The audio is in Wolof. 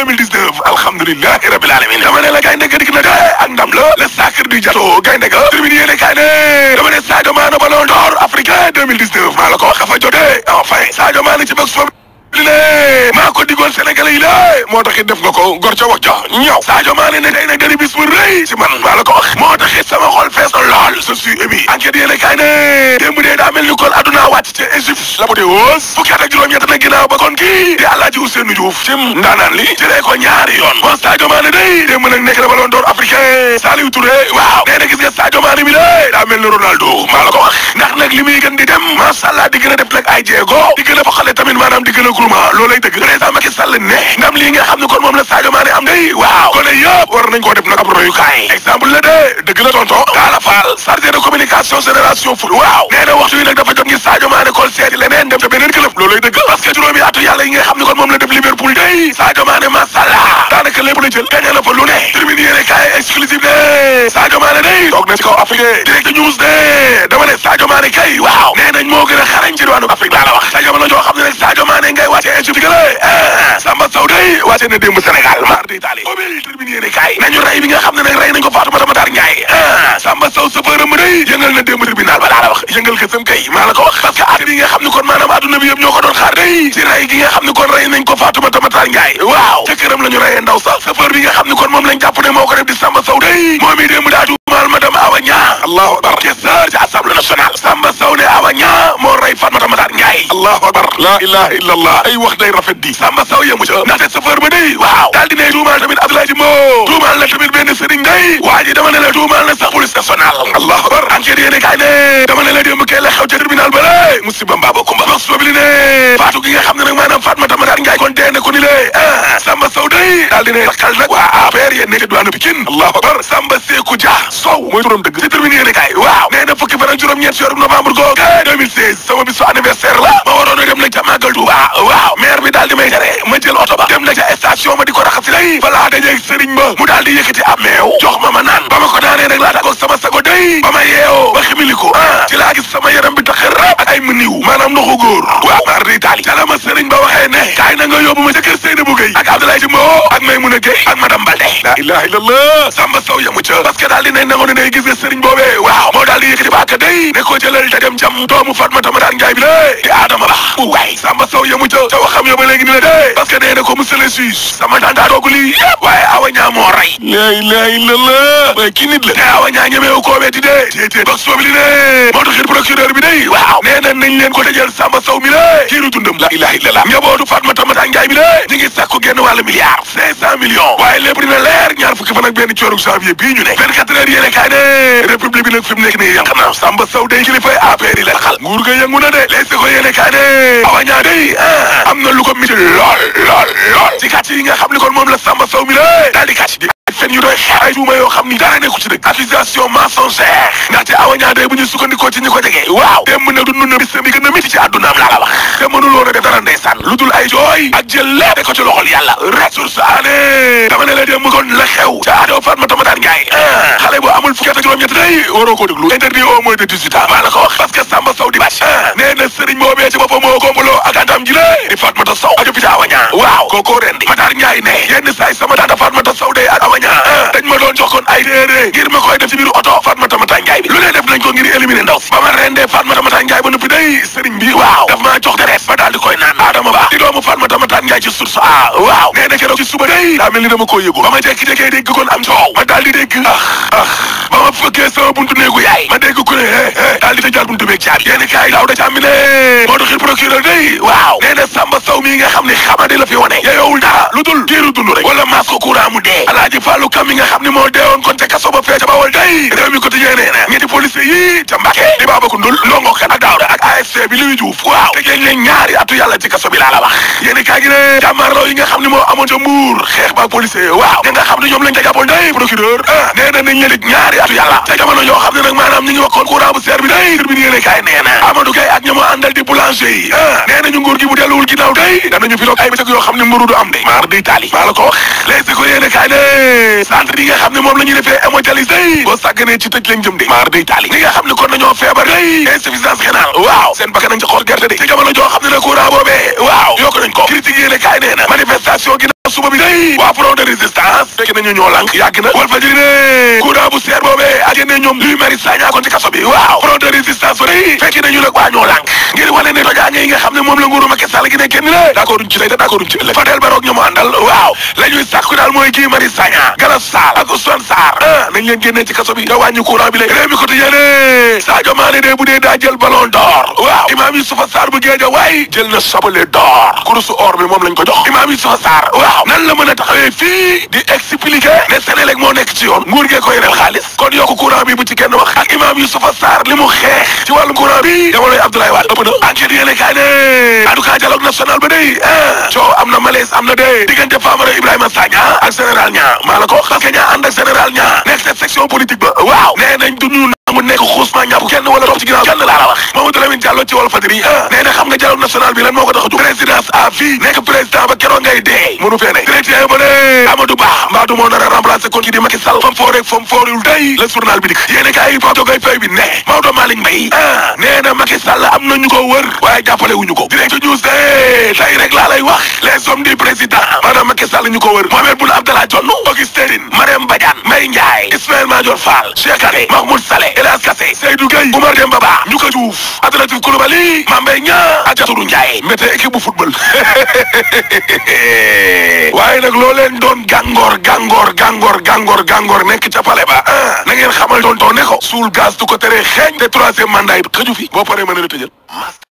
2019 alhamdulilahi rabil alamin dama ne la gaynde ga dikk na de eh, ak ndam la le sacre du jato gaynde ga tribune yéene kaay ne dama ne Sadio Mané ballon d'or africain 2019 maa la ko wax dafa jotee enfin Sadio Mané ci box foofu li ne maa ko digoon sénégalais yi la moo taxit def nga ko gor ca wax ja ñëw Sadio Mané ne day nag dari bis bu rëy ci man maa la ko wax moo taxit sama xol fees na lool je suis ému enquête yéene kaay ne démb dee daa mel ni kon ci Égypte la bu dee woos fukki at ak juróom-ñett nag ginnaaw ba kon kii di Alaaji Ousseynou Diouf ci ndaanaan li jëlee ko ñaari yoon kon Sadio Mané day démb nag nekk na ballon d'or africain Saliou Touré waaw nee na gis nga Sadio Mané bi de daa mel ni Ronaldo maa la ko wax ndax nag li muy gën di dem macha allah di gën a def nag ay jéego di gën a foqale tamit maanaam di gën a gourmand loolay dëgg président Macky Sall ne ndam lii nga xam ne kon moom Moussa Fall chargé de communication génération foot waaw nee na waxtu yi nag dafa jot ngir Sadio Mané kon seeti leneen dem ca beneen club loolay dëgg parce que juróomi atu yàlla yi nga xam ne kon moom la def Liverpool day Sadio Mané masala daanaka lépp la jël gagné na fa lu ne terminé yéene kaay exclusive de na ci kaw Afrique direct news de dama ne Sadio Mané waaw nee nañ moo gën a xarañ ci laa wax sa jamono joo xam ne nag Sadio Mané ngay wàcce Égypte gële eh, eh, Samba Sow day wàcce na day yëngal na démb tribunal ba laa wax yëngal ka sam maa la ko wax parce que at xam ne kon maanaam adduna bi ñoo ko doon xaar day ci rey xam ne kon rey nañ ko Fatoumata Matar Ndiaye waaw ca këram la ñu ndaw sax chauffeur bi xam ne kon moom lañ jàpp ne moo ko def di Samba Sow day moom i démb daa tuumaal madame Awa Niang allahu akbar ca sar ci assemblée Samba Sow allahu akbar laa ilaha illa allah ay wax day rafet di sàmba saw yemu ca ndaxte safar ba day waaw daal dinay tuumaal tamit Abdoulaye Timbo tuumaal na tamit benn sëriñ day waa ji dama ne la tuumaal na sax police nationale allahu akbar enquête yéene kaay ne dama ne la démb kee la xew ca tribunal ba lay musiba mbaa kumba box bobli ne faatu gi xam ne nag maanaam Fatma Tamaraat Njaay kon dee na ko ni lé ah sàmba saw day daal dinay rakkal nag waa affaire yéen nekk diwaanu Pikine allahu akbar sàmba fan ak juróom-ñeent si weeru novembre googu 2016 eh, sama bisu anniversaire la ma waroon a dem nag ca màggal Tuuba waaw maire bi daal di may tere ma oto ba dem na ca ma di ko raxasi lay fa laa dajee sëriñ ba mu daal di yëkkati ab meew jox ma ma ba ma ko daanee nag laa tàggoog sama sago day ba ma yeewoo ba ximiliko ah ci laa sama yaram bi taxir rab ak ay mëniw maanaam ndoxu góor waaw mar di taali ca ba waxee ne kaay na nga ma ca kër Gueye ak madame Balde la ilaha illallah Samba Sow yamu ca parce que daal di nañ nango ne day gis nga sëriñ boobee waaw moo daal di yëkkati baaka day ne ko jëlal ta dem jam doomu Fatmata Madaan Njaay bi la di Adama Ba waay Samba Sow yamu ca xam yo ba léegi ni la dee parce nag fi mu awa ñaa day ah, am na nga lu ko mitti lool lool lool ci kàcc yi nga xam ni kon moom la Samba Sow mi la daal di kàcc di fen yu doy ay tuuma yoo xam ni dara nekku ci dëgg accusation mensongère ñu ko jege waaw démb na dund na bis bi gën a métti ci àddunaam laa la wax te mënul woon a def lu dul ay jooy ak jël lépp ko ci loxol yàlla ressource ané dama ne la démb kon la xew ca aadoo Fatma juróom-ñett day waroo koo déglu interdit au moins de 18 ans maa la ko wax parce que di bâche nee na sëriñ boobee ci boppam moo kombaloo ak antam ji di Fatmata Sow ajo fi awaña waaw kookoo ren di Matar Ndiaye ne yenn saay sama daata Fatmata Sow day ak awaña ah dañ ma doon jox ay téere ngir ma koy def ci biir oto Fatmata Mata Ndiaye bi lu ne def nañ ko ngir éliminer ndaw ba ma rendee Fatmata Mata Ndiaye ba noppi day sëriñ bi waaw daf maa jox deret Assane Ndiaye ci ah, waaw nee na keroog ci suba day daa mel ni dama koo yëgul ba ma jekki-jekkee dégg koon am coow ma daal di dégg ax ah, ax ah. ba ma fëggee sama buntu néegu yaay ma dégg ku ne é eh, eh, daal di tëjaat buntu beeg caabi yéen kaay daaw da càmbi ne moo taxil procureur day waaw nee na Samba Sow mii nga xam ne xamadi la fi wane yeyowul dara lu dul taas ku courant mu dee alaaji Fallou Kam mi nga xam ne moo deewoon kon ca kaso ba fee ca Bawol day réew mi quotidien nee na ñetti policier yi ca nga xam ne moo amoon ca xeex ba policier yi nga xam ne ñoom lañ ca jàppoon day procureur ah nee na nañ xam ne nag maanaam ñu ngi waxoon courant bi day tur bi boulanger yi ah nee nañu nguur gi bu delluwul ginnaaw tey danañu fi toog ay bëccëg yoo xam ne mburu du am de maar di taali maa la ko wax les écoliers ne kaay ne centre yi nga xam ne moom la ñuy defee hémodialyse day boo sàgganee ci tëj lañ jëm de maar di taali ñi nga xam ne kon nañoo feebar day insuffisance rénale waaw seen bakkan nañ ci xor gerte de ci jamono joo xam ne na courant boobee waaw yokk nañ ko critique yéene kaay nee na manifestation ginnaaw suba bi day waa front de résistance fekk nañu ñoo lànk yàgg na wal fajiri ne courant bu ne ñoom Guy Marius Sagna kon ci kaso bi waaw front de résistance fa rëy fekki nañu nag waa ñoo lànk ngir ne tojaange yi nga xam ne moom la nguuru Macky Sall gi ne kenn la d'accord duñ ci tey te d'accord duñ ci ëllëg Fadel waaw la ñuy sàkku daal mooy Guy Marius Sagna Galas Sall ak Ousmane Sarr ah nañ leen génnee ci kaso bi da wàññi courant bi lay réew mi quotidien Sadio Mané de bu dee daa jël ballon d'or waaw Imam Youssoufa Sarr bu Guédiawaye waaw a jóge fii di expliqué ne Sénélec moo nekk ci yoon nguur gee koy rel xaalis kon yokku courant bi bu ci kenn wax ak imaam Youssoufa Sarr li mu xeex ci wàllum courant bi jamonoy Abdoulaye Wade ëpp na enquête yéene kaay ne en tout cas dialogue national ba day ah am na malaise am na dee diggante Famara Ibrahima Sagna ak général ñaa maa la ko parce que ñaa ànd ak général ñaa nekk cette section politique ba waaw nee nañ duñu amul nekk xuusma ñàpp kenn wala toog ci ginnaaw kenn laa la wax Mamadou Lamine Diallo ci Walf Fadjri ah, nee na xam nga dialogue national bi lan moo ko tax a jóg présidence nekk président ba keroog ngay dee mënu fee ne directeur ba a fa togay fay bi ne Maodo Malick Mbaye ah nee na Macky Sall am na ñu ko wër waaye jàppale wuñu ko direct news de tey rek laa lay wax les hommes du président maanaam Macky Sall ñu ko wër Mohamed Boun Abdallah Dionne Augustin Elias Kassé Seydou Gueye Oumar Demba Ba Ndiouka Diouf Abdoulatif Coulibaly Mame Mbaye Niang ak Jatorou Ndiaye mbete équipe bu waaye nag loo leen doon gàngoor gàngoor gàngoor gàngoor gàngoor nekk ca pale ba ah na ngeen xamal doon toon ne suul gaz du xeeñ te troisième mandat yi fi boo paree mën na